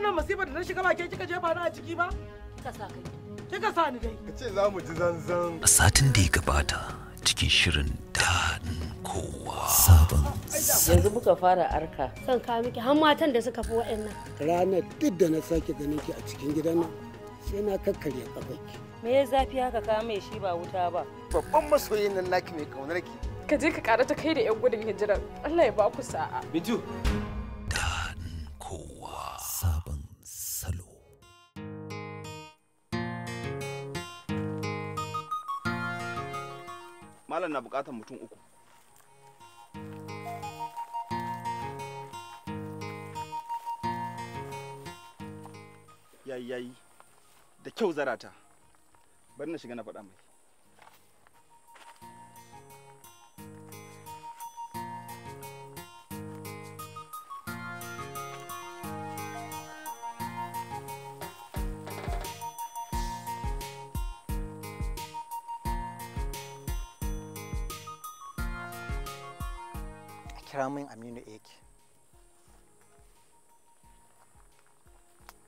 wannan masifar da na shiga ba ke kika jefa ni a ciki ba kika sa kai kika sa ni dai kace za mu ji zanzan a satin da ya gabata cikin shirin daɗin kowa sabon yanzu muka fara arka kan ka miki har matan da suka fi waɗannan ranar duk da na sake ganin ki a cikin gidan nan sai na kakkarya kafarki me ya zafi haka ka mai shi ba wuta ba babban masoyin nan naki mai kaunar ki ka je ka karata kai da yan gudun hijirar Allah ya ba ku sa'a biju malam na bukatar mutum uku yayi da kyau zarata bari na shiga na faɗa mai kira min aminu yake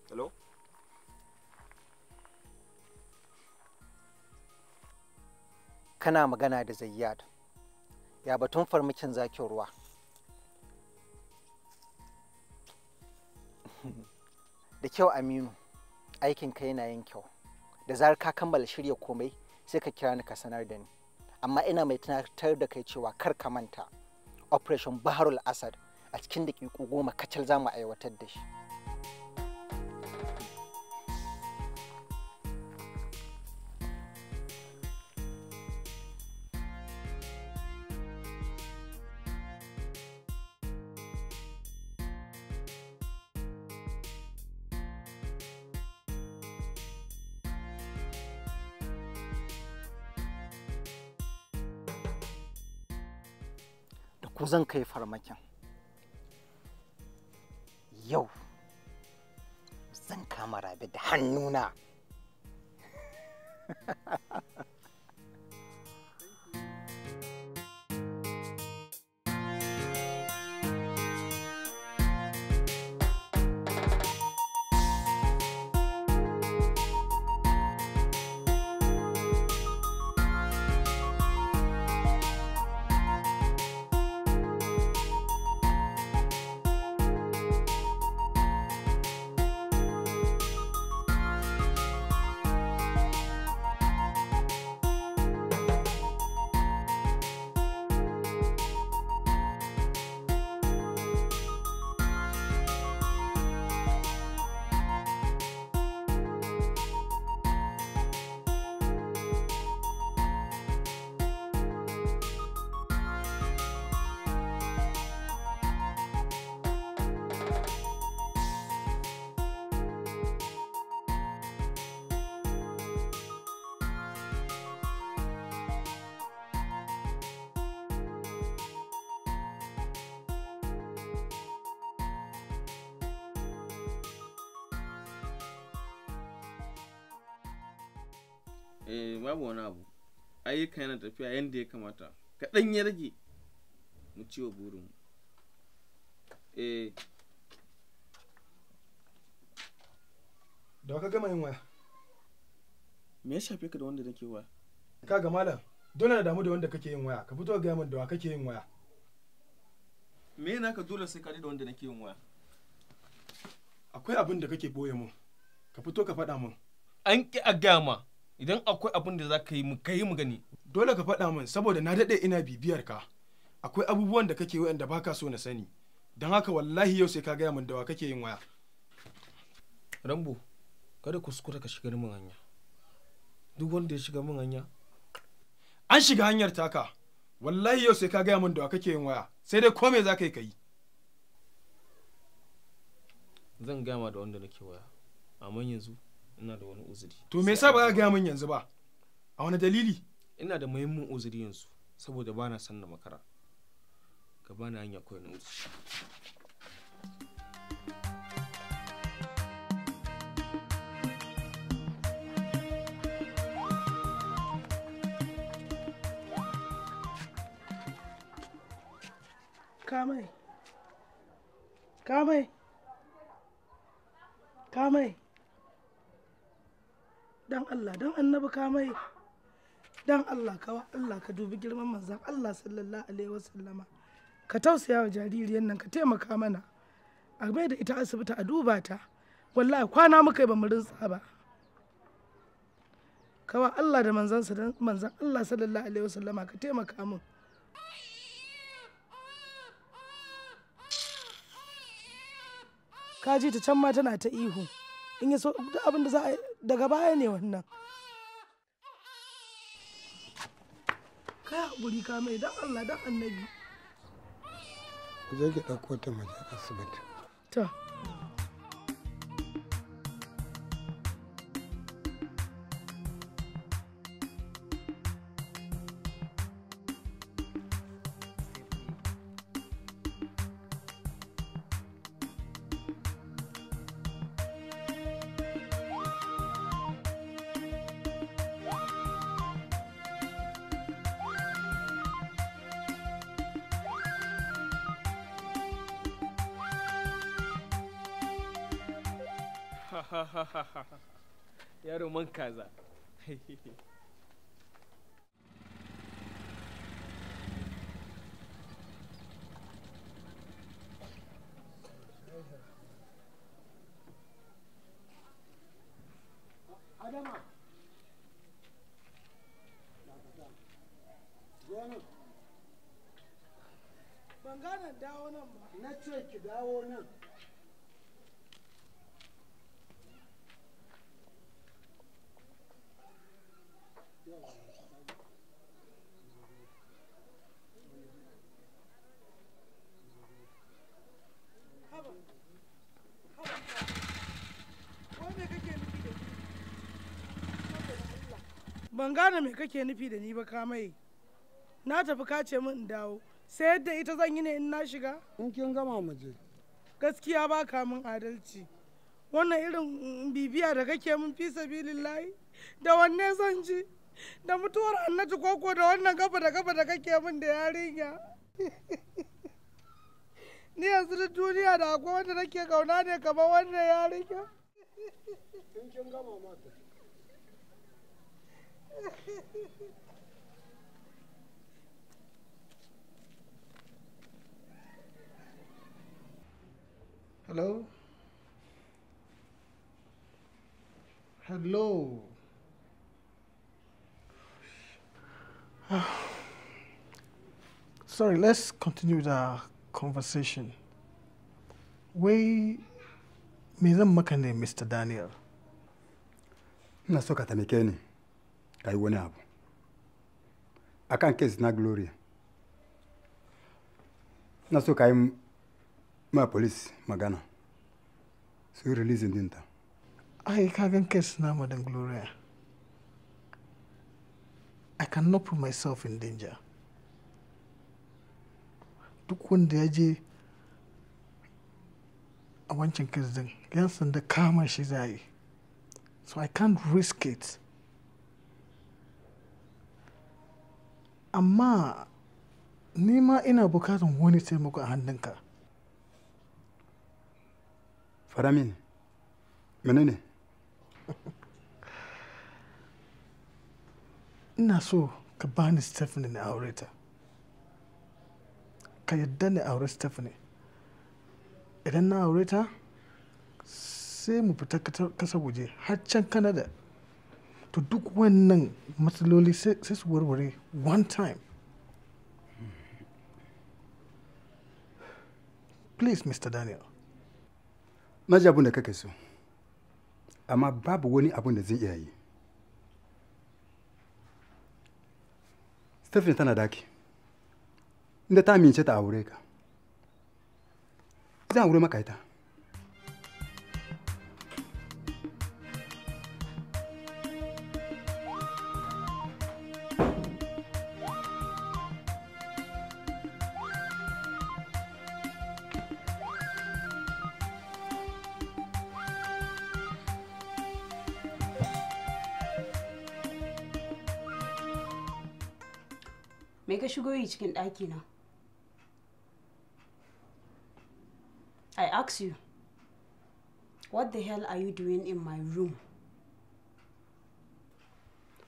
hello kana magana da zayyad ya batun farmakin zakin ruwa da kyau aminu aikinka yana yin kyau da zarar ka kammala shirya komai sai ka kira ni ka sanar da ni amma ina mai tunatar da kai cewa kar ka manta operation baharul asad a cikin daƙiƙu goma kacal za mu aiwatar da shi ku zan kai farmakin yau zan kama rabi da hannuna eh babu wani abu ayyuka yana tafiya yadda ya kamata kaɗan ya rage mu ciwo burin eh da ka gama yin waya me ya shafe ka da wanda nake waya ka ga malam dole na damu da wanda kake yin waya ka fito ga min da wa kake yin waya me yana ka dole sai ka da wanda nake yin waya akwai abin da kake boye mun ka fito ka faɗa mun an ki a gama idan akwai abin da za ka yi mu yi mu gani dole ka faɗa min saboda na daɗe ina bibiyar ka akwai abubuwan da kake ba baka so na sani don haka wallahi yau sai ka gaya min da wa kake yin waya rambo kada kuskura ka shiga min hanya duk wanda ya shiga min hanya an shiga hanyar taka wallahi yau sai ka gaya min dawa kake yin waya sai dai ko me za ka yi ka yi zan gama da wanda nake waya amma yanzu ina da wani uzuri to me yasa ba ka gaya min yanzu ba a wani dalili ina da muhimmin uzuri yanzu saboda bana son na makara ka bana hanya na uzuri Kamai. Kamai. Kamai. dan Allah dan annabi ka mai dan Allah ka Allah ka dubi girman manzan Allah sallallahu alaihi wasallama ka tausaya wa jaririyan nan ka taimaka mana a mai da ita asibiti a duba ta wallahi kwana muka yi ba mu rinsa ba kawa Allah da manzansa da manzan Allah sallallahu alaihi wasallama ka taimaka min ka ji ta can ma tana ta ihu in ya so abin da za a yi daga baya ne wannan kai haƙuri ka mai dan Allah dan annabi zai ki ɗauko ta mace asibiti to dawo nan ba na ce ki dawo nan me kake nufi da ni ban gane me kake nufi da ni ba kamai na tafi kace min in dawo sai yadda ita zan yi ne in na shiga in kin gama muje gaskiya ba ka mun adalci wannan irin mm, bibiya da kake min fi sabilillahi da wanne zan ji da mutuwar annaji koko da wannan gaba da gaba da kake min da yarinya ni yanzu da duniya da akwai wanda nake kauna ne kamar wannan yarinya in kin gama mata Hello? Hello? Sorry, let's continue the conversation. We. me zan ne Mr. Daniel? Ina so ka taimake abu. Akan kesi na Gloria. Ina im. ma police magana su yi ta. dinta ai kagan kes na madan gloria i cannot put myself in danger duk wanda ya je a wancan kes din yan sanda kama shi za yi so i can't risk it amma nima ina bukatan wani taimako a hannunka faramin menene ina so ka bani stephanie na aure ta ka yadda na aure stephanie idan na aure ta sai mu fita kasa waje har can canada to duk wannan matsaloli sai su warware one time please mr daniel maji ji abin da kake so amma babu wani abun da zai iya yi stephen tana daki inda ta amince ta aure ka zan aure maka ita yi cikin ɗaki I ask you, what the hell are you doing in my room?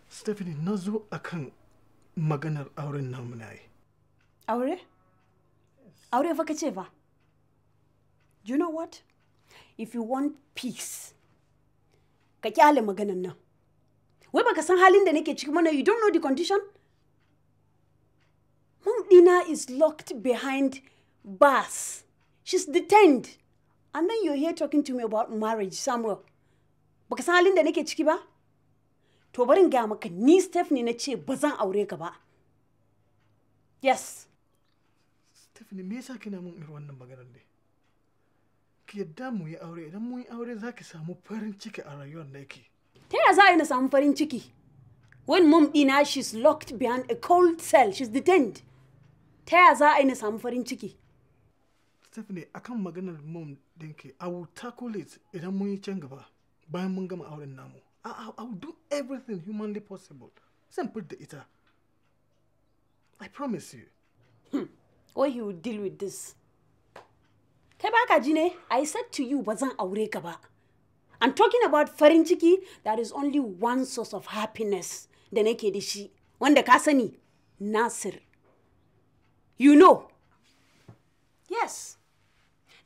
Stephanie, na zo a kan maganar auren namu na yi. Aure? Aure fa ka ce ba? Do you know what? If you want peace, ka kyale maganan nan. Wai baka san halin da nake ciki mana you don't know the condition? mumdina is locked behind bars. She's detained. And then you're here talking to me about marriage, Samuel. Baka san halin da nake ciki ba? To barin ga maka ni Stephanie na ce ba zan aure ka ba. Yes. Stephanie me yasa kina mun irin wannan maganar ne? Ki yadda mu yi aure idan mun yi aure za ki samu farin ciki a rayuwar da yake. Ta yaya za a yi na samu farin ciki? When mom dina she's locked behind a cold cell, she's detained. ta ya za a yi na samu farin ciki stephanie akan maganar mom dinki i will tackle it idan mun yi can gaba bayan mun gama auren namu I, I, will do everything humanly possible zan da ita i promise you hmm. he will deal with this kai baka ji ne i said to you ba zan aure ka ba i'm talking about farin ciki that is only one source of happiness da nake da shi wanda ka sani nasir You know. Yes.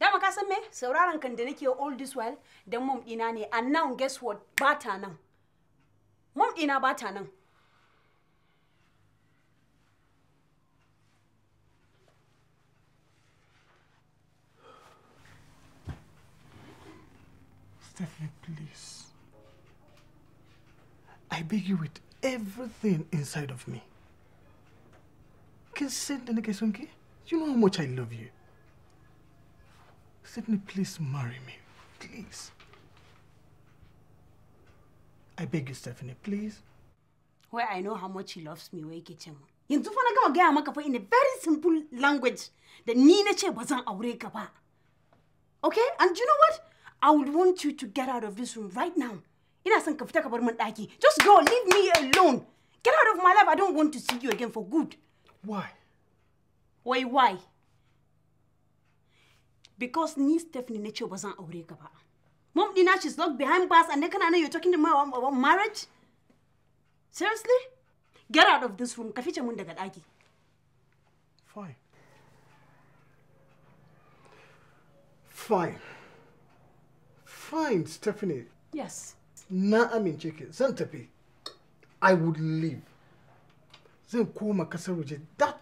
Dama ka me? Sauraron kan da nake all this while The mom ina and now guess what? Bata nan. Mom ina bata nan. Stephanie, please. I beg you with everything inside of me can send the nigga You know how much I love you. Sydney, please marry me. Please. I beg you, Stephanie, please. Well, I know how much he loves me, wai kitchen. Yanzu fa na gama gaya in a very simple language the nina che ce ba ba. Okay? And you know what? I would want you to get out of this room right now. Ina son ka Just go, leave me alone. Get out of my life. I don't want to see you again for good. Why? Why? why? Because ni Stephanie nature wasn't aure ka ba. Mom dina she's locked behind bars and then I know you're talking to me about marriage? Seriously? Get out of this room. Ka fice mun daga Fine. Fine. Fine, Stephanie. Yes. Na mean, check it. tafi. I would leave. zan koma kasar waje that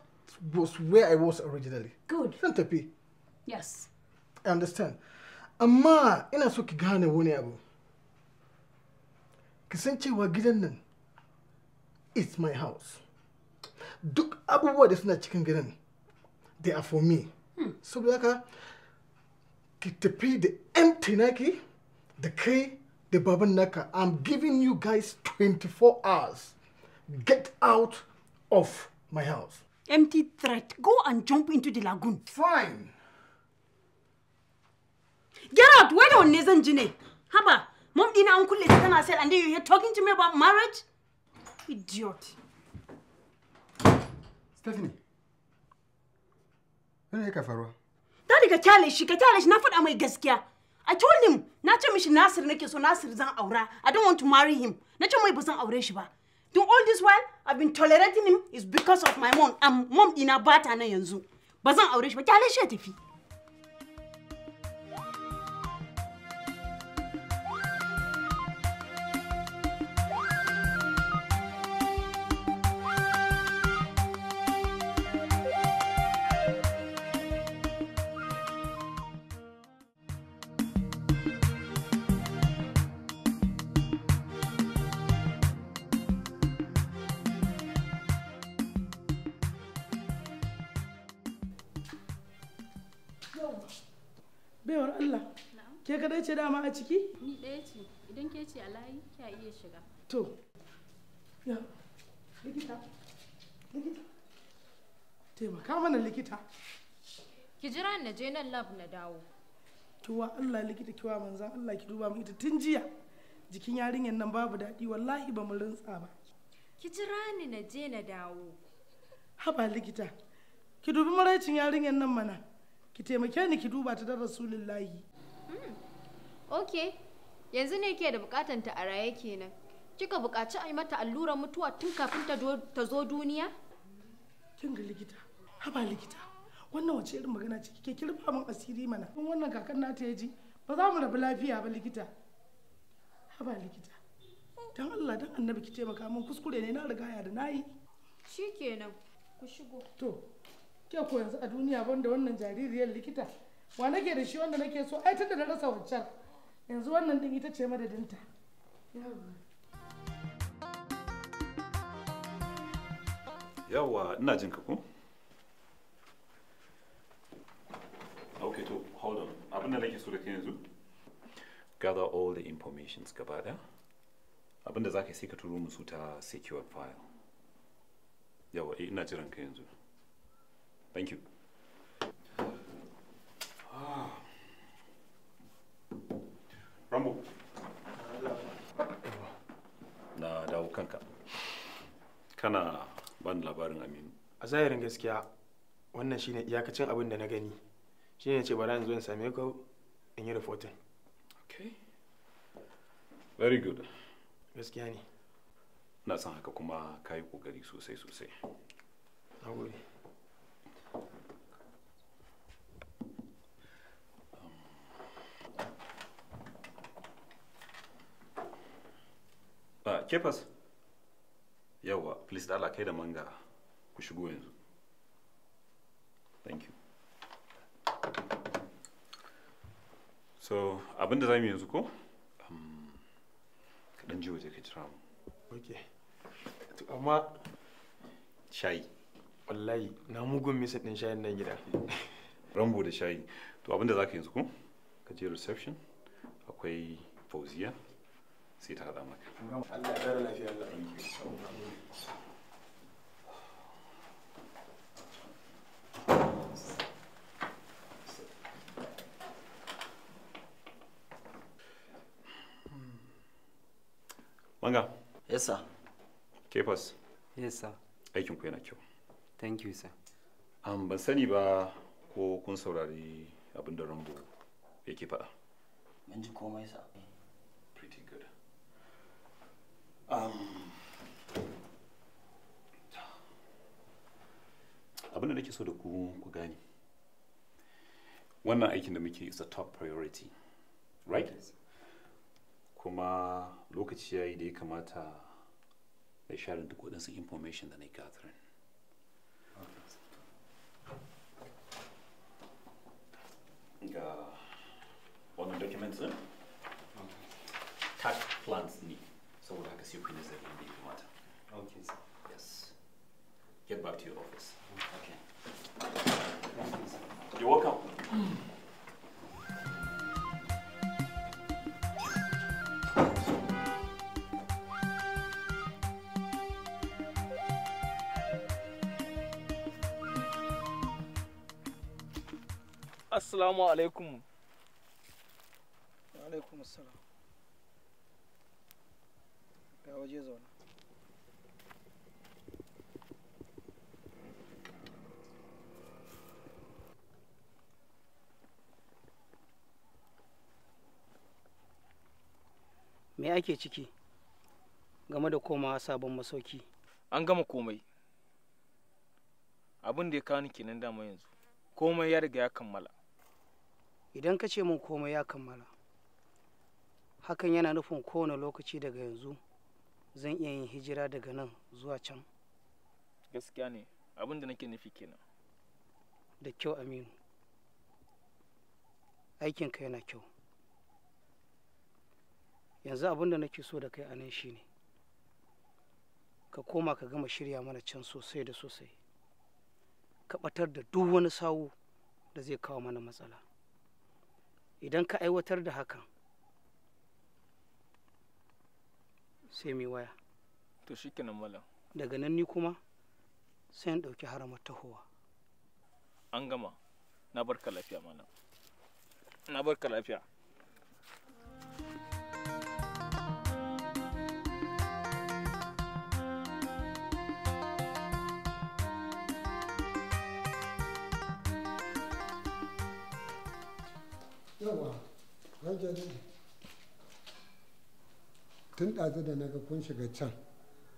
was where I was originally good zan tafi yes I understand amma ina so ki gane wani abu ki san cewa gidan nan it's my house duk abubuwa da suna cikin gidan they are for me hmm. saboda haka ki tafi da empty naki da kai da baban naka i'm giving you guys 24 hours get out of my house. Empty threat. Go and jump into the lagoon. Fine. Get out. Wait on Nizan Jine. Haba, mom dina an kulle ta tana sel and then you here talking to me about marriage? Idiot. Stephanie. Me ne ka faruwa? Ta riga kyale shi, ka kyale shi na faɗa mai gaskiya. I told him, na ce mishi Nasir nake so Nasir zan aura. I don't want to marry him. Na ce mai ba zan aure shi ba. Do all this while I've been tolerating him is because of my mom. I'm mom ina bata nan yanzu. bazan aure shi ba, kyale shi ya tafi. baiwar Allah ke kadai ce dama a ciki ni ɗaya ce idan ke ce alayi kya iya shiga to ya likita likita taimaka mana likita ki jira na je nan lab na dawo Tuwa Allah likita kiwa manzan Allah ki duba mu ita tun jiya jikin yarinyar nan babu daɗi wallahi ba mu rintsa ba ki jira ni na je na dawo haba likita ki dubi maraicin yarinyar nan mana ki taimake ni ki duba ta da rasulullahi hmm. ok yanzu ne ke da bukatan ta a raye kenan kika bukaci a yi mata allurar mutuwa tun kafin ta zo duniya kin ga likita haba likita wannan wace irin magana ce kike kirfa min asiri mana in wannan kakan nata ya ji ba za mu rabu lafiya ba likita haba likita dan Allah dan annabi ki taimaka min kuskure ne na rigaya da nayi shikenan ku shigo to ke ko yanzu a duniya banda wannan jaririyar likita wa nake da shi wanda nake so ai tunda na rasa wancan yanzu wannan din ita ce madadinta yawa ina jin ka ko okay to hold on abin da nake so da kai yanzu gather all the informations gaba abin da zaka ka sai ka turo musu ta secure file yawa eh, ina jiran ka yanzu Thank you. Rambo. Na dawo kanka. Kana ban labarin Aminu. A zahirin gaskiya wannan shine iyakacin abin da na gani. Shine ce bari in zo in same ka in yi reporting. Okay. Very good. Gaskiya ne. Na san haka kuma ka yi ƙoƙari sosai sosai. Na gode. kefas yawa please dala kai da manga ku shigo yanzu thank you so abinda za mu yanzu ko um, ka dan ji waje ka jira mu okay to amma shayi wallahi na mugun misa din shayin nan gida rambo da shayi to abinda za ka yanzu ko ka je reception akwai fauziya sai ta haɗa maka Allah ya lafiya Allah Manga. Yes, sir. Kefas. Yes, sir. Aikinku yana kyau. Thank you, sir. Um, ban sani ba ko kun saurari abin da Rambo yake faɗa. Mun ji komai, sir. so da ku ku gane wannan aikin da muke is a top priority right kuma lokaci ya yi da ya kamata da share duk waɗansu information da na gathering ga wannan documents ɗin assalamu alaikum alaikum assalam ga waje zauna me ake ciki game da komawa sabon masauki an gama komai abin da ya kawo ni kenan dama yanzu komai ya riga ya kammala idan ka ce mun komai ya kammala hakan yana nufin kowane lokaci daga yanzu zan iya yin hijira daga nan zuwa can gaskiya ne abin da nake nufi kenan da kyau aminu aikinka yana kyau yanzu abin da nake so da kai a nan shine ka koma ka gama shirya mana can sosai da sosai ka batar da duk wani sawu da zai kawo mana matsala idan ka aiwatar da hakan sai mai waya to shikenan malam daga nan ni kuma sai in ɗauki haramar tahowa an gama na barka lafiya malam na barka lafiya ranke da tun ɗazu da na ga kun shiga can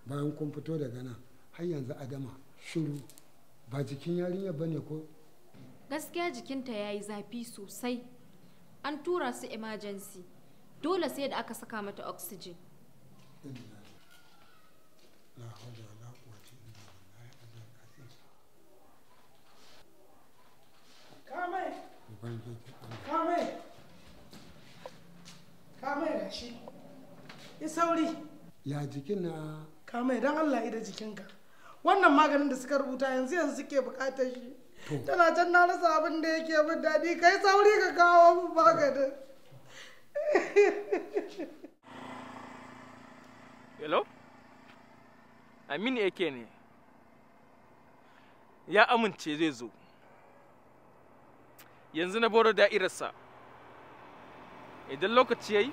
bayan kun fito daga nan har yanzu adama shuru ba jikin yarinya ba ne ko gaskiya jikinta ya yi zafi sosai an tura su emergency dole sai da aka saka mata oxygen Come shi yi sauri ya jikin na kama idan allah ida jikinka wannan maganin da suka rubuta yanzu yanzu suke bukatar shi tana can na rasa abin da yake min daɗi kai sauri ka kawo min maganin hello amin ke ne ya amince zai zo yanzu na boro da'irarsa idan lokaci ya yi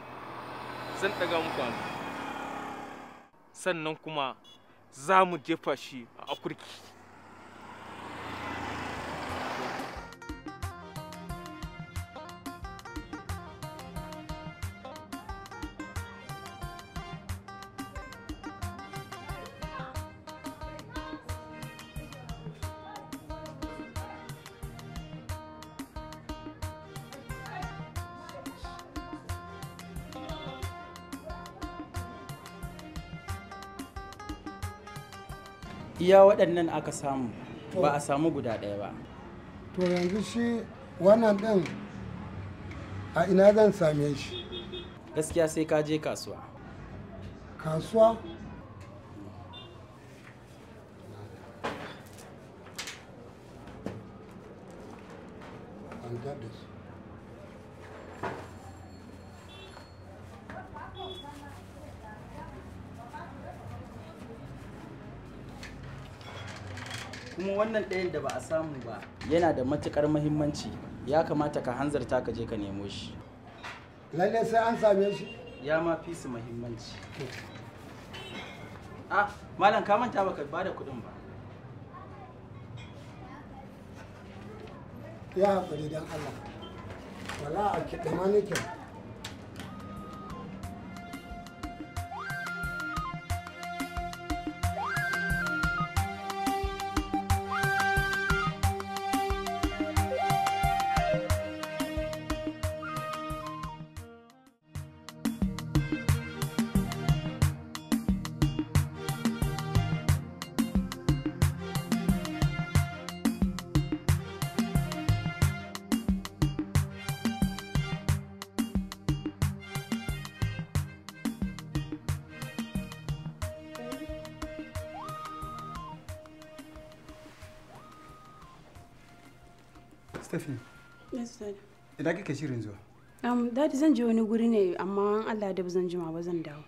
zan daga muku sannan kuma za mu jefa shi a akurki iya waɗannan aka samu ba a samu guda ɗaya ba to yanzu shi wannan ɗin a ina zan same shi gaskiya sai ka je kasuwa kasuwa wannan ɗayan da ba a samu ba yana da matukar muhimmanci ya kamata ka hanzarta ka je ka nemo shi lalle sai an same shi ya ma fi su muhimmanci ah malam ka manta baka ba da kuɗin ba ya haƙuri don allah wala a kiɗa ma nake Stephanie. Yes, Dad. Ina kike shirin zuwa? Um, Dad zan je wani guri ne amma Allah da zan jima ba zan dawo.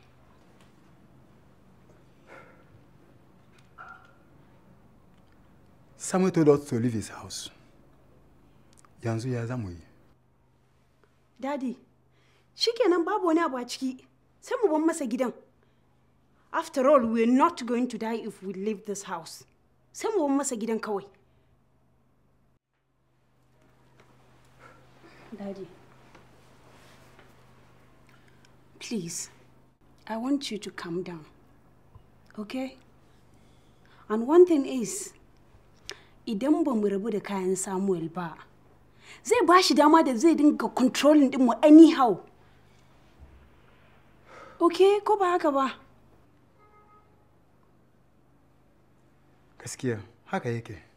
Samuel told to leave his house. Yanzu ya zamu yi. Daddy, shikenan babu wani abu a ciki. Sai mu ban masa gidan. After all, we are not going to die if we leave this house. Sai mu ban masa gidan kawai. Daddy. Please, I want you to calm down. Okay? And one thing is, idan ba mu rabu da kayan Samuel ba, zai ba shi dama da zai dinga controlling mu anyhow. Okay, ko ba haka ba? Gaskiya, haka yake.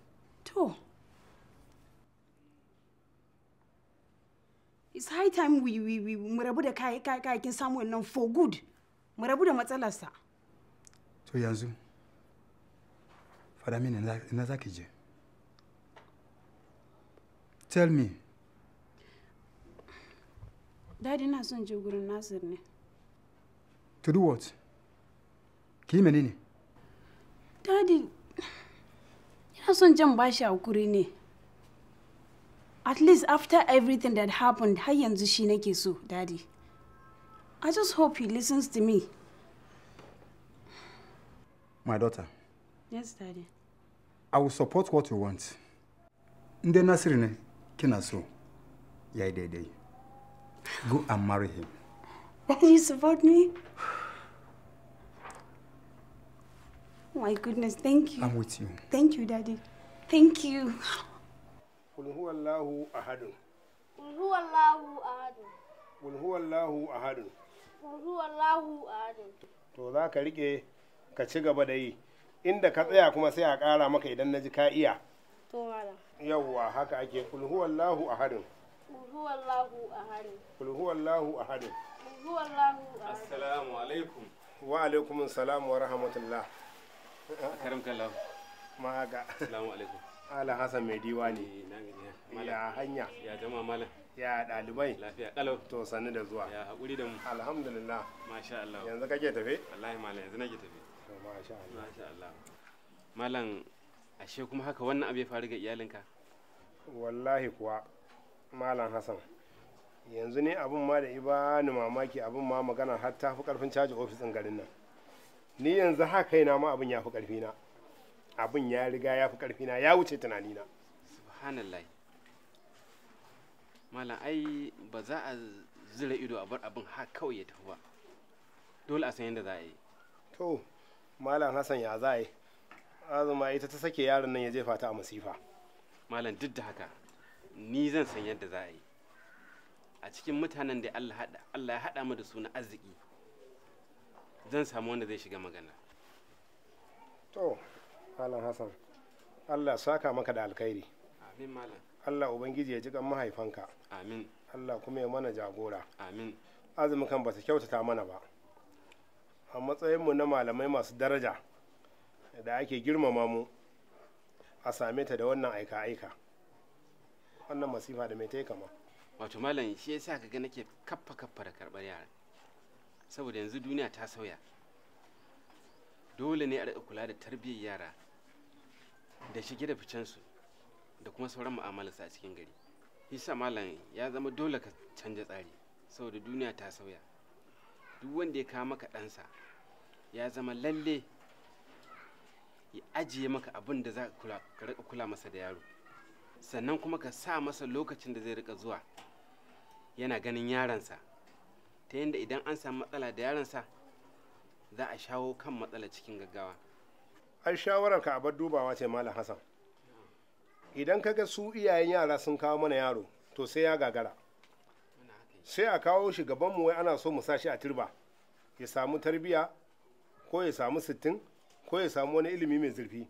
it's high time we we we mu rabu da kin samu wannan for good mu rabu da matsalarsa to yanzu fara mini na za ki je tell me dadi na son je gurin nasir ne to do what ki menene dadi ina son jan bashi a kuri ne At least after everything that happened, har yanzu shi nake so, Daddy. I just hope he listens to me. My daughter. Yes, Daddy. I will support what you want. Nde Nasiri ne kina so. Yayi Go and marry him. Daddy, you support me? my goodness, thank you. I'm with you. Thank you, Daddy. Thank you. قل هو الله kul قل هو الله huwallahu قل هو الله ahadun to za ka rike ka ci gaba da yi inda ka tsaya kuma sai a ƙara maka idan na ji ka iya yawwa haka ake kul huwallahu ahadun kul huwallahu ahadun assalamu alaikum wa alaikum wa rahmatullah karim ma assalamu alaikum Malam Hassan mai diwa ne. Ya hanya. Ya jama malam. Ya dalibai Lafiya kalau. To sanni da zuwa. Ya hakuri da mu. Alhamdulillah. Masha Allah. Yanzu kake tafe? Wallahi malam yanzu nake tafe. To masha Allah. Masha Allah. Malam ashe kuma haka wannan abu ya faru ga iyalinka? Wallahi kuwa malam Hassan. Yanzu ne abin ma da ibani mamaki abin ma magana har ta fi karfin caji ofisin garin nan. Ni yanzu haka ina ma abin ya fi karfi na. abin ya riga ya fi karfina ya wuce tunanina subhanallah malam ai ba za a zira ido a bar abin ha kawai ya tafi ba dole a san yadda za a yi to malam hassan ya za a yi azuma ita ta sake yaron nan ya jefa ta a masifa malam duk da haka ni zan san yadda za a yi a cikin mutanen da allah ya haɗa mu da su na arziki zan samu wanda zai shiga magana to Malam Hassan Allah saka maka da alkhairi amin malam Allah ubangiji ya ji kan mahaifanka amin Allah kuma ya mana jagora amin azumin kan ba su kyautata mana ba a matsayinmu na malamai masu daraja da ake girmama mu a same ta da wannan aika-aika wannan masifa da mai ta kama wato malam shi ya sa ga nake kaffa kaffa da karɓar yara saboda yanzu duniya ta sauya dole ne a kula da tarbiyyar yara da shige da ficensu da kuma sauran mu'amalarsa a cikin gari hisa malam ya zama dole ka canja tsari saboda duniya ta sauya duk wanda ya kawo maka ɗansa ya zama lalle ya ajiye maka abin da za ka rika kula masa da yaro sannan kuma ka sa masa lokacin da zai rika zuwa yana ganin yaransa ta yadda idan an samu matsala da yaransa za a shawo kan matsala cikin gaggawa ai shawarar ka abar dubawa ce malam hassan idan ka ga su iyayen yara sun kawo mana yaro to sai ya gagara sai a kawo shi gaban mu wai ana so mu sashi a turba ya samu tarbiya ko ya samu sittin ko ya samu wani ilimi mai zurfi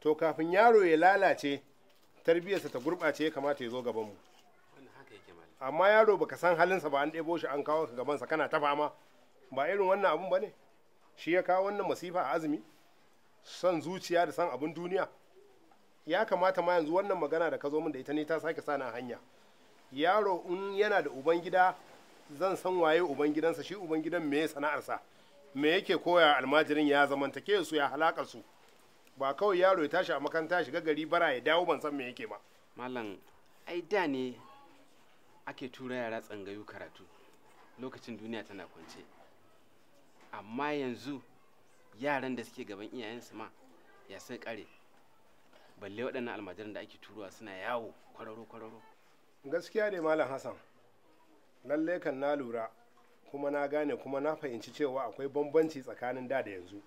to kafin yaro ya lalace tarbiyarsa ta gurɓace ya kamata ya zo gaban mu amma yaro baka san halinsa ba an ɗebo shi an kawo ka gabansa kana ta fama ba irin wannan abun ba ne shi ya kawo wannan masifa a azumi son zuciya da son abin duniya ya kamata ma yanzu wannan magana da ka zo min da ita ne ta sake sana hanya yaro in yana da ubangida zan san waye ubangidansa shi ubangidan me sana'arsa me yake koya almajirin ya zamantake su ya halakar su ba kawai yaro ya tashi a makaranta shiga gari bara ya dawo ban san me yake ba malam ai da ne ake tura yara tsangayu karatu lokacin duniya tana kwance amma yanzu yaran da suke gaban iyayensu ma ya san kare balle waɗannan almajiran da ake turuwa suna yawo kwararo kwararo gaskiya ne malam hassan lallai kan na lura kuma na gane kuma na fahimci cewa akwai bambanci tsakanin da da yanzu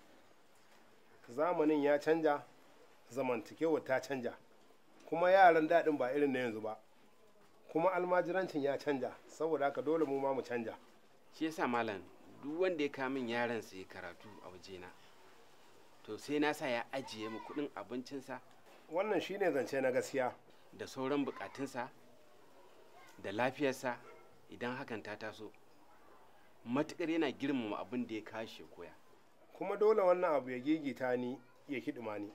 zamanin ya canja zamantakewa ta canja kuma yaran daɗin ba irin na yanzu ba kuma almajirancin ya canja saboda haka dole mu ma mu canja shi yasa malam duk wanda ya kamin yaron su ya karatu a waje na, to sai na sa ya ajiye mu kuɗin abincinsa wannan shine zance na gaskiya da sauran bukatunsa da lafiyarsa idan hakan ta taso matukar yana girmama abin da ya kashe koya kuma dole wannan abu ya gigita ni ya hidima ni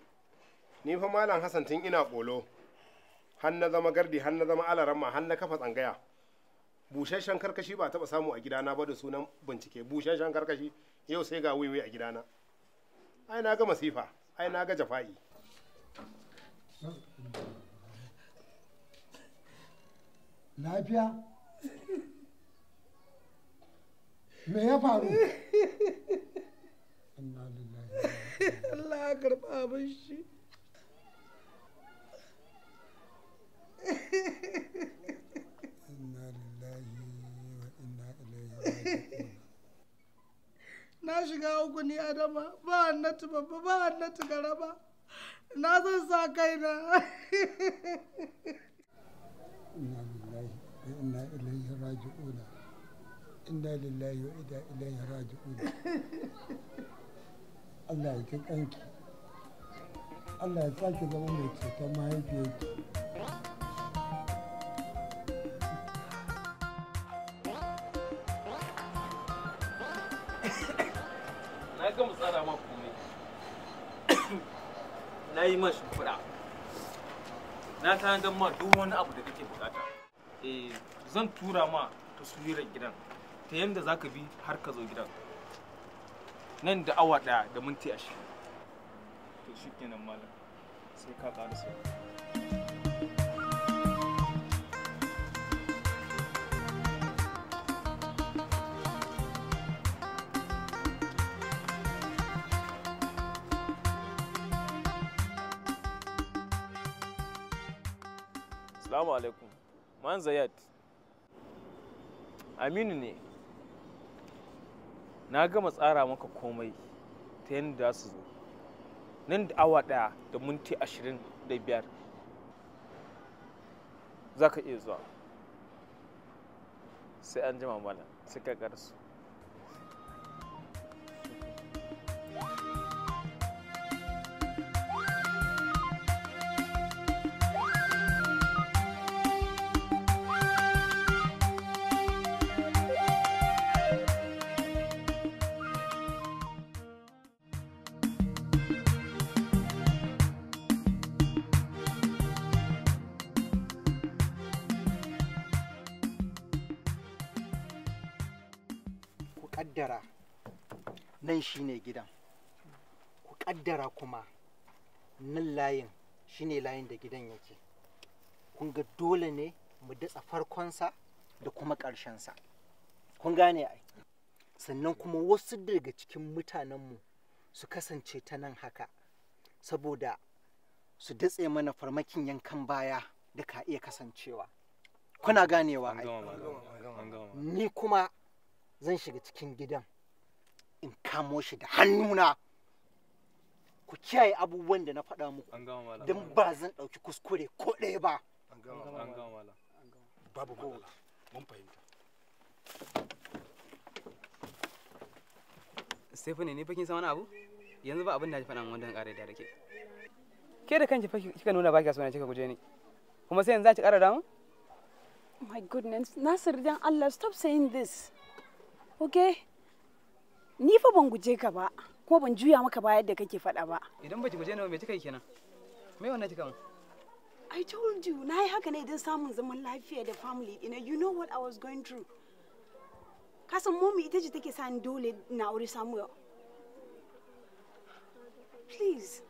ni fa malam hassan tun ina kolo, har na zama gardi har na zama alaramma har na kafa tsangaya busasshen karkashi ba taba samu a gidana ba da sunan bincike busasshen karkashi yau sai ga wiwi a gidana ai na ga masifa ai na ga jafa'i lafiya me ya faru Allah karɓa shi na shiga uku ni adama ba annatu babba ba annatu garaba na zan sa kaina inna lillahi wa inna ilaihi raji'un inna lillahi wa inna ilaihi raji'un Allah ya kanki Allah ya sake zama mai ceton mahaifiyarki na yi man kuɗa na tanadar ma duk wani abu da kake bukata eh zan tura ma taswirar gidan ta yadda za ka bi har ka zo gidan nan da awa ɗaya da minti ashirin to shi kenan sai ka ƙarasa Assalamu alaikum. Man Zayat. Aminu ne. Na gama tsara maka komai ta yadda su zo. Nan da awa ɗaya da minti ashirin da biyar za ka iya zuwa. Sai an jima mana sai ka ƙarsu. kaddara nan shi ne gidan ku kaddara kuma nan layin shi ne layin da gidan yake kun ga dole ne mu datsa farkonsa da kuma ƙarshensa kun gane ai sannan kuma wasu daga cikin mutanenmu su kasance ta nan haka saboda su datse mana farmakin yankan baya da ka iya kasancewa kuna ganewa ai ni kuma zan shiga cikin gidan in kamo shi da hannuna ku kiyaye abubuwan da na faɗa muku don ba zan ɗauki kuskure ko ɗaya ba babu matsala mun fahimta sai ne fakin wani abu yanzu ba abin da ya faɗa wanda na ƙara da rake ke da kanki kika nuna baki a suna kika guje ni kuma sai yanzu za ki ƙara damu my goodness nasir dan Allah stop saying this ok ni fa ban guje ka ba ko ban juya maka ba yadda kake faɗa ba idan ki guje ne ba me kika yi kenan me wannan kika mun I told you na yi haka ne don samun zaman lafiya da family ina you know what I was going through kasan momi ita ce take sa dole na aure Samuel please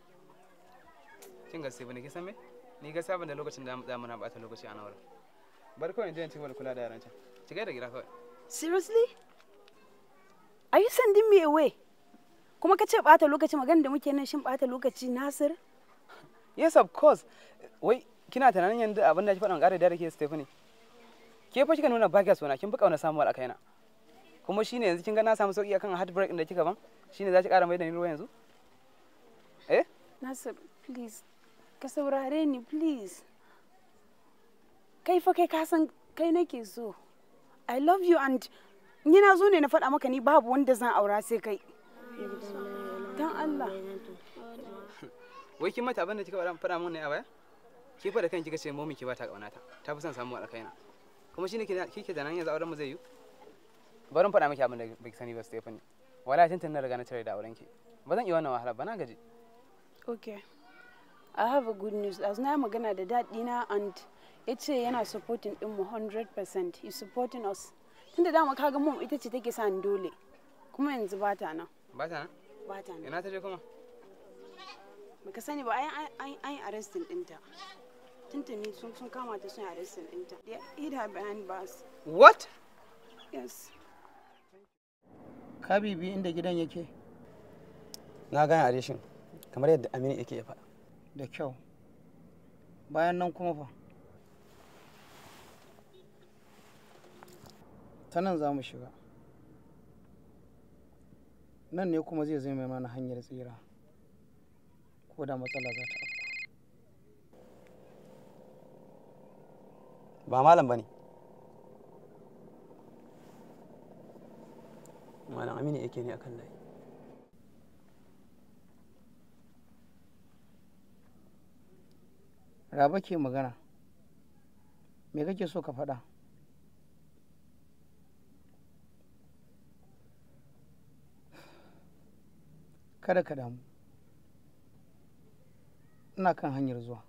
kin sai bane ki san me ni ga saban da lokacin da za mu na bata lokaci a nan bar kawai in je in ci gaba kula da yaran can ki ga da gida kawai seriously Are you sending me away? Kuma ka ce bata lokaci magana da muke nan shin bata lokaci Nasir? Yes of course. Wai kina tunanin yanzu abin da ki faɗan ƙara da rake Stephanie. Ke fa kika nuna baki sona kin fi samuwar a kaina. Kuma shine yanzu kin ga na samu sauki akan heartbreak da kika ban? Shine za ki ƙara mai da ni ruwa yanzu? Eh? Nasir, please. Ka saurare ni, please. Kai fa kai ka san kai nake so. I love you and ni na zo ne na faɗa maka ni babu wanda zan aura sai kai dan Allah wai kin mata abin da kika faɗa faɗa mun ne a baya ki fa da kanki kika ce momin ki ba ta kaunata ta fi son samu alkaina kuma shine kike da nan yanzu auren mu zai yi bari faɗa miki abin da baki sani ba Stephanie wala tun na riga na tare da auren ki ba zan iya wannan wahala ba na gaji okay i have a good news as na magana da dadi na and yace yana supporting din mu 100% he supporting us tunda dama kaga mom ita ce take sa ni dole kuma yanzu ba ta nan ba ta nan ba ta nan ina ta je kuma baka sani ba an an arrestin dinta tuntuni sun sun kama ta sun arrestin dinta they hid her behind bars what yes ka bibi inda gidan yake na gane areshin kamar yadda aminu yake ya faɗa da kyau bayan nan kuma fa ta nan za mu shiga nan ne kuma zai zai mai mana hanyar tsira ko da matsala za ta afku ba malam ba ne malam aminu yake ne akan layi raba ke magana me kake so ka faɗa kada ka damu ina kan hanyar zuwa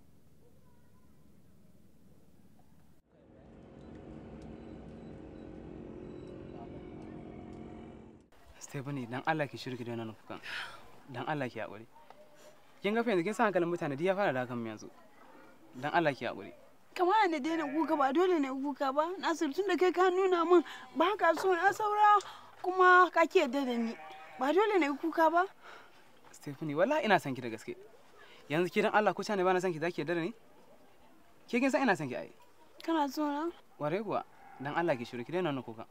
Stephanie dan Allah ki shirki da nan kan dan Allah ki haƙuri kin ga fa yanzu kin san hankalin mutane duk ya fara da kan mu yanzu dan Allah ki haƙuri kamar na daina kuka ba dole na kuka ba nasir tun da kai ka nuna min ba ka so na saura kuma ka ke da ni ba dole na kuka ba Stephanie wallahi ina son ki da gaske yanzu ki Allah ku ta ne ba na son ki zaki yarda da ni ke kin san ina son ki ai kana zo na ware kuwa dan Allah ki shiru ki daina wannan kuka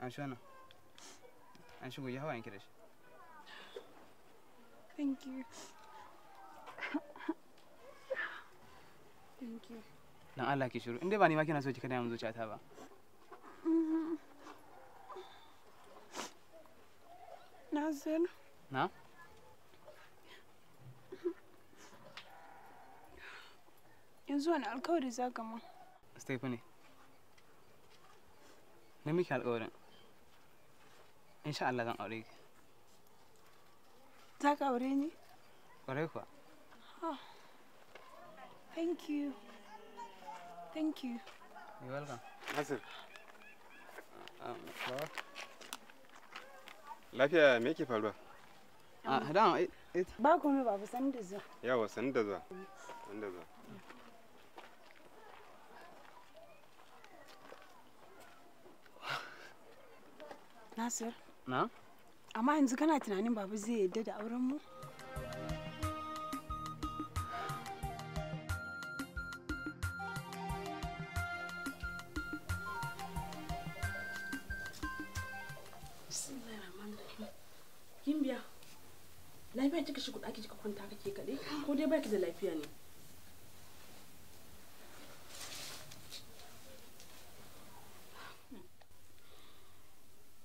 an shana an shigo ya hawa yanki da shi thank you thank you dan Allah ki shiru Inde ba ni ma kina so ki kada mun zuciyata ba mm-hmm. Nazir. Na? Yanzu wani alkawari za ka ma? Stephanie, na miki alkawarin. Insha Allah zan aure ki. Za ka aure ni? Aure kuwa. Thank you. Thank you. You're welcome. Nasir. Uh, um, Lafiya me yake faruwa? Ah, dama eh, eh. Ba komai babu san da zuwa. Yawa san da zuwa. San da zuwa. Nasir. Na? Amma yanzu kana tunanin babu zai yadda da auren mu? lafiya kika shigo ɗaki kika kwanta kake kaɗai ko dai baki da lafiya ne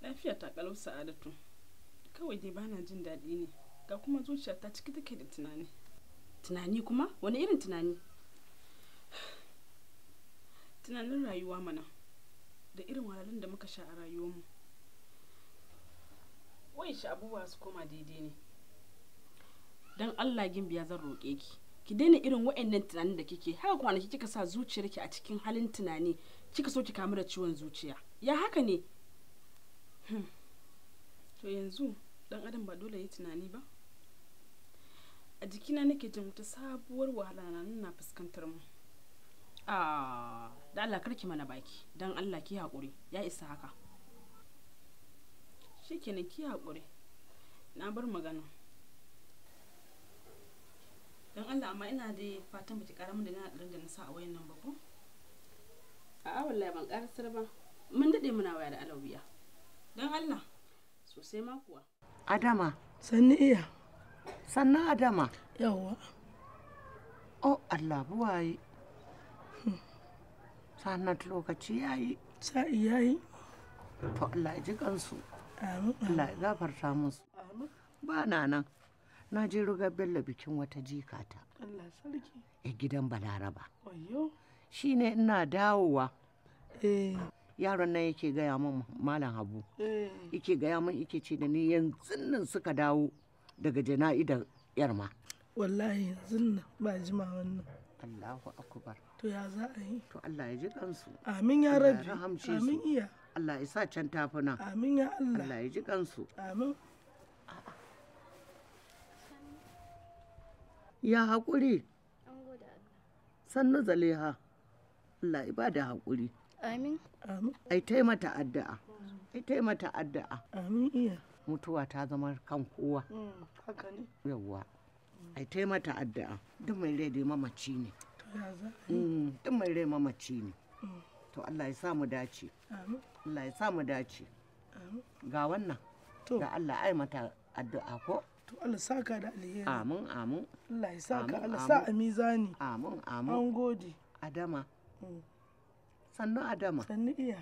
lafiya ta ƙalau sa'adatu kawai dai bana jin daɗi ne ga kuma zuciya ta ciki take da tunani tunani kuma wani irin tunani tunanin rayuwa mana da irin wahalun da muka sha a rayuwarmu wai shi abubuwa su koma daidai ne dan Allah gin biya zan roƙe ki ki daina irin wa'annan tunanin da kike haka kwanaki kika sa zuciyarki a cikin halin tunani kika so ki kamu da ciwon zuciya ya haka ne hmm. to yanzu dan adam ba dole ya tunani ba a jikina nake jin wata sabuwar wahala na na fuskantar mu a ah, da Allah karki mana baki dan Allah ki haƙuri ya isa haka shikenan ki haƙuri na bar magana don allah amma ina da fatan baki min da na ɗarin da na sa a wayan nan ba ko a'a wallahi ban karasar ba mun dade muna waya da alawiya don allah sosai ma kuwa adama sanni iya sannan adama yawwa oh allah buwaye sannan lokaci ya yi sa'i ya yi to allah ya ji kansu allah ya gafarta musu ba na nan na je ruga bello bikin wata jikata Allah sarki a gidan balaraba shi ne ina dawowa eh. yaron nan yake gaya min malam habu eh. yake gaya min yake ce da ni yanzu nan suka dawo daga jana'idar yarma wallahi yanzu nan ba jima wannan Allahu akbar to ya za a yi to Allah ya ji kansu amin ya rabi amin iya Allah ya sa can tafuna amin ya Allah Allah ya ji kansu amin Ya haƙuri? Sannu Zaliha. Allah ya bada haƙuri. Amin. Ai taimata addu'a. Ai taimata addu'a. Amin iya. Mutuwa ta zama kan kowa. Mm, haka ne. Yawwa. Ai taimata addu'a. Duk mai rai dai mamaci ne. Mm, duk mai rai mamaci ne. Mm. To Allah ya sa mu dace. Amin. Allah ya sa mu dace. Ga wannan. To. Allah ai mata addu'a ko? to Allah saka da alheri amin amin Allah ya saka Allah sa a mizani amin amin an gode adama mm. sannu adama sannu iya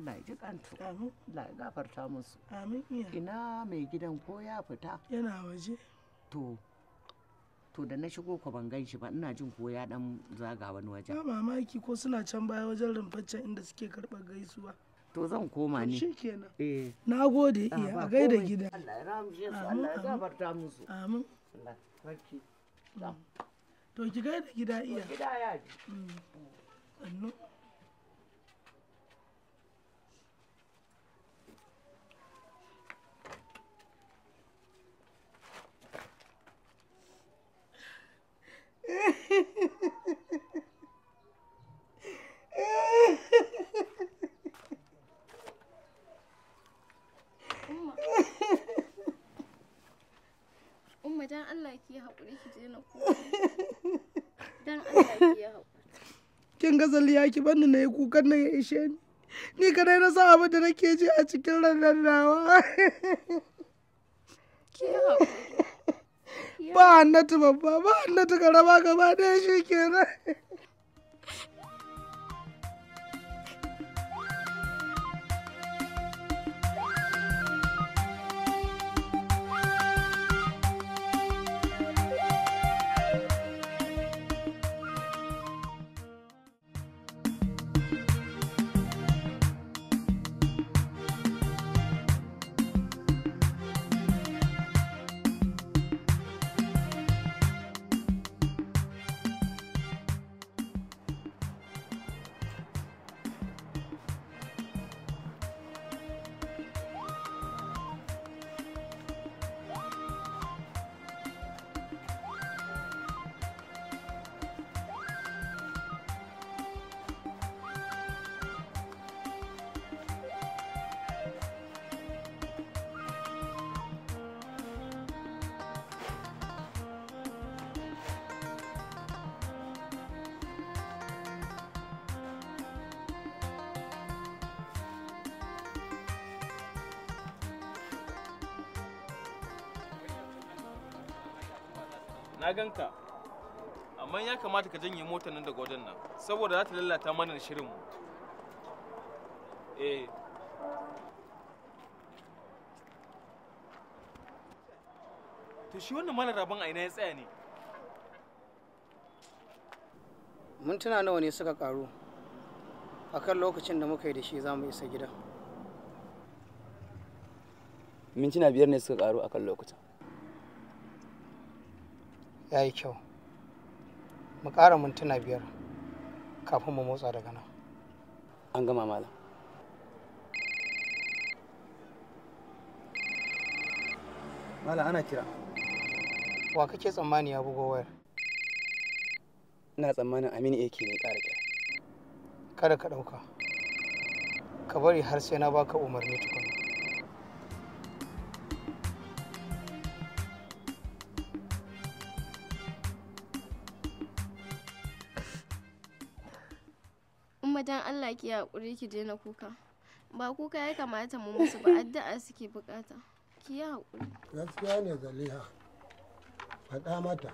Allah ya ji kanto. Allah ya gafarta musu. Amin iya. Ina mai gidan ko ya fita? Yana waje. To, to da na shigo ku ban gan shi ba ina jin ko ya dan zaga wani waje. Ba mamaki ko suna can baya wajen rumfaccen inda suke karɓar gaisuwa. to zan koma ne eh. na gode ah, iya a gaida gida Allah ya ramshe su Allah ya musu amin mm. to ki gaida gida iya gida ya ji mm. sannu Kin je zalli ya kin ki banni na yi kukan na ya ishe ni ni kadai na sa abin da nake ji a cikin ranar nawa ba annatu babba ba annatu karama gaba ɗaya shi kenan na ganka amma ya kamata ka janye motar nan daga wajen nan saboda za ta lalata mana shirin mu eh to shi wannan malar rabon aina ya tsaya ne mun tuna nawa ne suka karu akan lokacin da muka yi da shi za mu isa gida mintuna biyar ne suka karu akan lokacin ya yi kyau mu ƙara mintuna biyar kafin mu motsa daga nan an gama malam malam ana kira wa kake tsammani ya bugo wayar ina tsammanin aminu yake ne ƙara kira kada ka ɗauka ka bari har sai na baka umarni tukuna ki yi haƙuri ki daina kuka ba kuka ya kamata mu musu ba addu'a suke bukata ki yi haƙuri gaskiya ne zaliha faɗa mata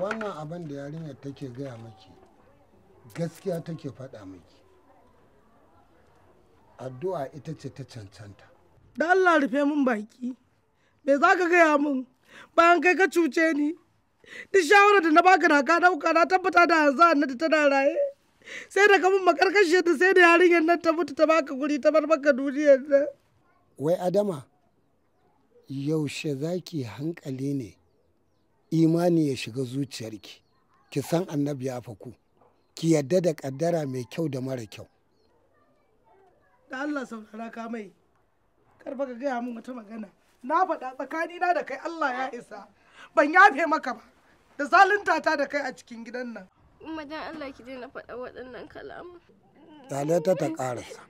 wannan abin da yarinyar take gaya maki gaskiya take faɗa maki addu'a ita ce ta cancanta da Allah rufe min baki me za ka gaya min bayan kai ka cuce ni duk shawarar da na baka na ka dauka na tabbata da yanzu da tana raye sai da kamun makarkashiyar da sai da yarinyar nan ta mutu ta baka guri ta bar maka duniyar nan wai adama yaushe zaki hankali ne imani ya shiga zuciyarki ki san annabi ya faku ki yadda da kaddara mai kyau da mara kyau da Allah saurara ka mai karfa ka gaya min wata magana na faɗa tsakanina da kai Allah ya isa ban yafe maka ba da zalunta ta da kai a cikin gidan nan. Umma Allah ki daina faɗa waɗannan kalama. Dale ta ta ƙarasa.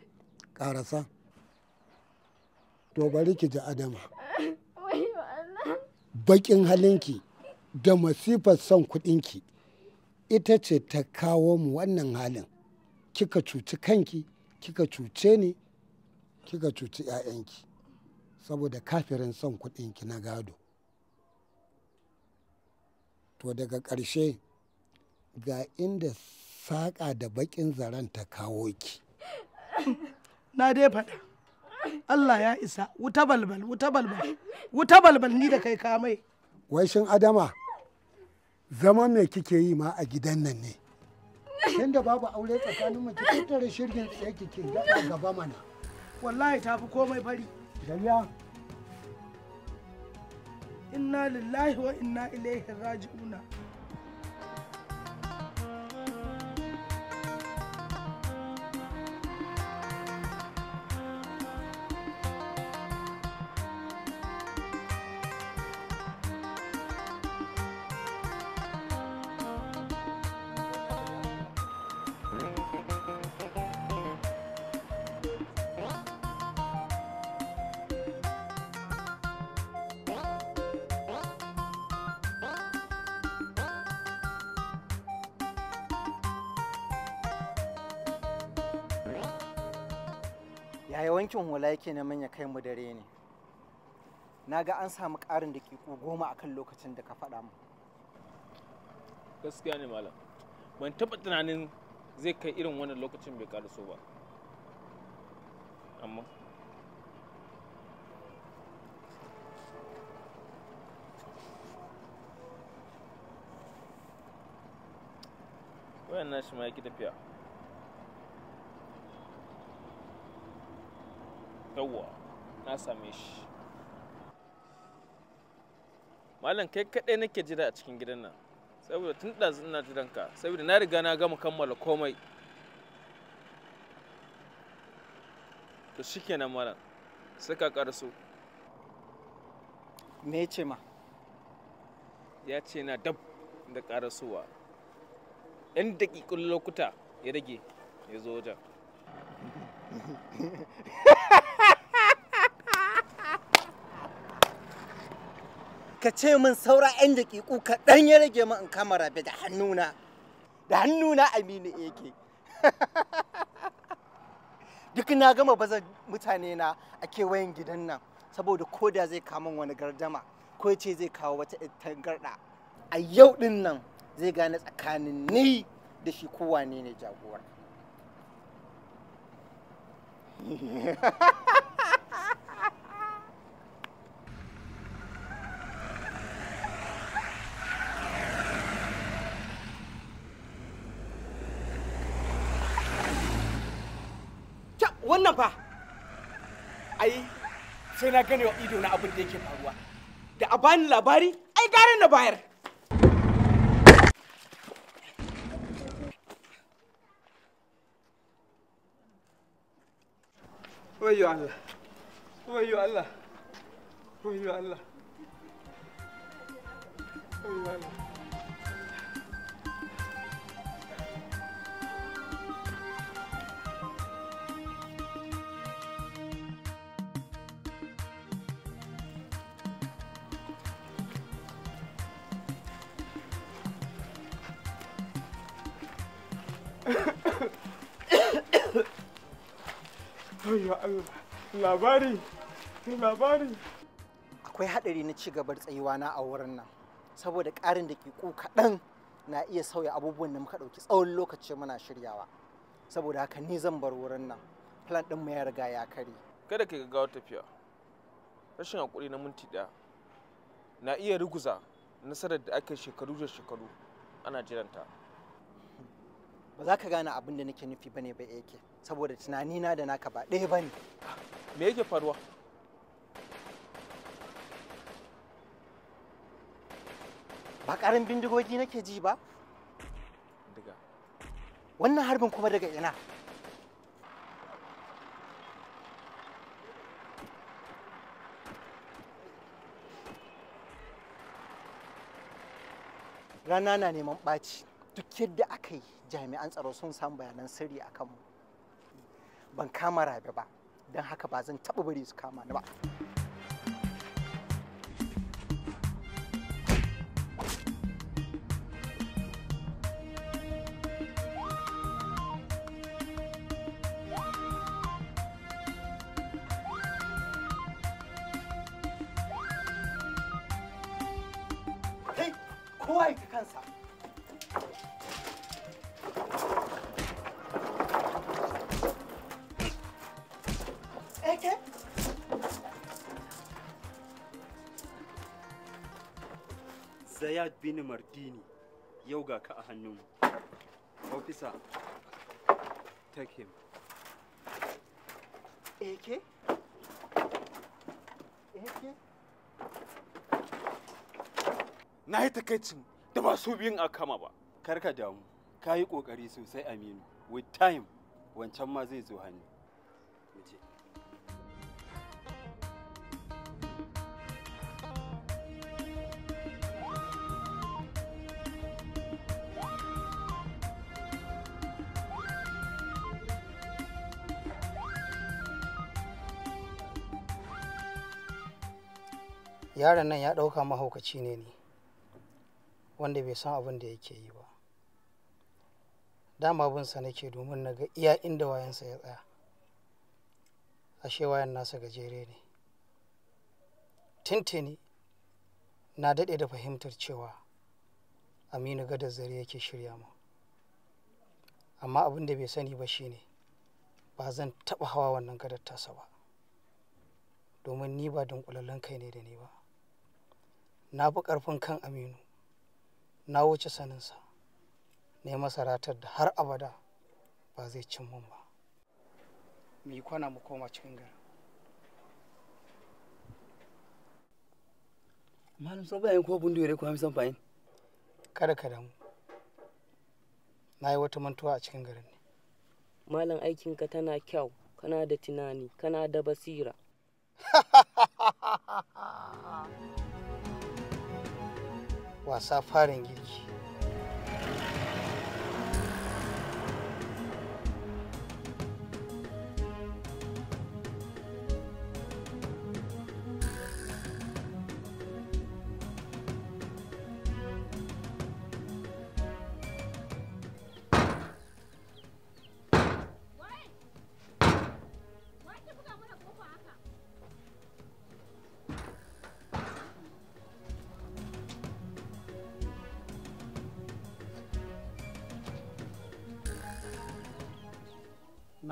Ƙarasa. To bari ki ji Adama. Baƙin halinki da masifar son kuɗinki ita ce ta kawo mu wannan halin. Kika cuci kanki, kika cuce ni, kika cuci 'ya'yanki. Saboda kafirin son kuɗinki na gado. to daga ƙarshe ga inda saƙa da baƙin zaren ta kawo ki na dai faɗa Allah ya isa wuta balbal wuta balbal wuta balbal ni da kai kamai wai shin adama zama me kike yi ma a gidan nan ne inda babu aure tsakanin mu tattara shirgin tsaye kike ga gaba mana wallahi tafi komai bari jami'a inna lillahi wa inna ilaihi raji'una aikin wala yake neman ya kai mu dare ne na ga an samu ƙarin daƙiƙu goma a kan lokacin da ka faɗa mu gaskiya ne malam ban taɓa tunanin zai kai irin wannan lokacin bai ƙaraso ba amma wayan shi ma yake tafiya yawwa na same shi malam kai kaɗai nake jira a cikin gidan nan saboda tun ɗazu ina jiranka saboda na riga na gama kammala komai to shikenan malam suka ƙarso me ya ce ma ya ce na dab da ƙarasowa yan daƙiƙun lokuta ya rage ya zo wajen ka ce min saura 'yan daƙiƙu kaɗan ya rage min in kama rabe da hannuna da hannuna aminu yake duk na gama baza mutane na a kewayen gidan nan saboda koda zai kama wani gardama ko ce zai kawo wata tangarɗa a yau ɗin nan zai gane tsakanin ni da shi kowane ne jagora nan fa ai sai na gane wa ido na abin da yake faruwa da a bani labari ai gare na bayar wayo Allah wayo Allah wayo Allah wayo Allah labari labari akwai haɗari na ci gabar tsayuwa na a wurin nan saboda ƙarin daƙiƙu kaɗan na iya sauya abubuwan da muka ɗauki tsawon lokaci muna shiryawa saboda haka ni zan bar wurin nan plan ɗin mu ya riga ya kare kada ka gaggawa tafiya rashin haƙuri na minti ɗaya na iya ruguza nasarar da aka shekaru da shekaru ana jiranta ba za ka gane abin da nake nufi bane ba yake saboda tunanina da naka ba ɗaya ba ne me yake faruwa ba ƙarin bindigogi nake ji ba wannan harbin kuma daga ina rana na neman ɓaci duk yadda aka yi jami'an tsaro sun samu bayanan sirri a kanmu ban kama rabe ba don haka ba zan taɓa bari su kama ni ba mardini yau ga ka a hannun ofisa take him eke eke na yi takaicin da ba su biyun a kama ba karka damu ka yi kokari sosai aminu with time wancan ma zai zo hannu yaron nan ya ɗauka mahaukaci ne ne wanda bai san abin da yake yi ba dama sa nake domin na ga iya inda wayansa ya tsaya ashe wayan nasa gajere ne tintini na daɗe da fahimtar cewa aminu gadar zare yake shirya mu amma abin da bai sani ba shine ba zan taɓa hawa wannan gadar tasa ba domin ni ba dunkulallen kai ne da ni ba na fi ƙarfin kan aminu na wuce saninsa ne masa ratar da har abada ba zai cin mun ba mu yi kwana mu koma cikin garin malam sun bayan ko bundu yare kuma san bayan kada ka damu na yi wata mantuwa a cikin garin ne malam aikinka tana kyau kana da tunani kana da basira wasa farin girki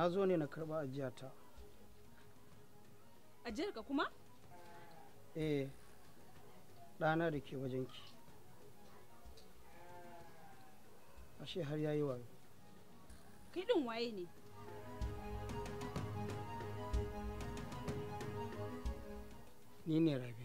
na zo ne na karba ajiyata ka kuma eh ɗana da ke wajenki ashe har yayi wayo kai ɗin waye ne ni ne rabi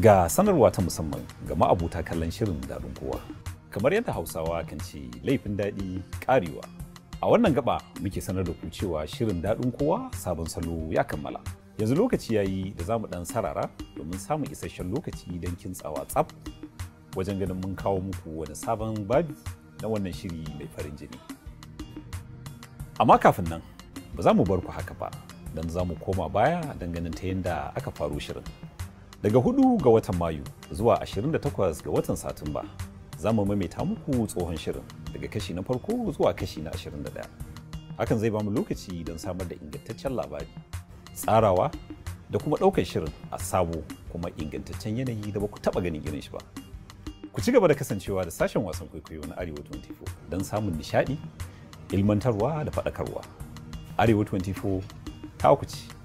Ga sanarwa ta musamman ga ma'abuta kallon shirin daɗin kowa. Kamar yadda Hausawa kan ce laifin daɗi ƙarewa. A wannan gaba muke sanar da ku cewa shirin daɗin kowa sabon salo ya kammala. Yanzu lokaci ya yi da za mu ɗan sarara domin samun isasshen lokaci don kintsawa tsaf wajen ganin mun kawo muku wani sabon babi na wannan shiri mai farin jini. Amma kafin nan, ba za mu bar ku haka ba, don za mu koma baya don ganin ta yadda aka faro shirin. Daga 4 ga watan Mayu zuwa 28 ga watan Satumba za mu maimaita muku tsohon shirin daga kashi na farko zuwa kashi na 21. Hakan zai ba mu lokaci don samar da ingantaccen labari, tsarawa da kuma ɗaukar shirin a sabo kuma ingantaccen yanayi da ba ku taɓa ganin irin shi ba. Ku ci gaba da kasancewa da sashen wasan kwaikwayo na Arewa 24 don samun nishaɗi, ilmantarwa da faɗakarwa. Arewa 24 ta ku ci.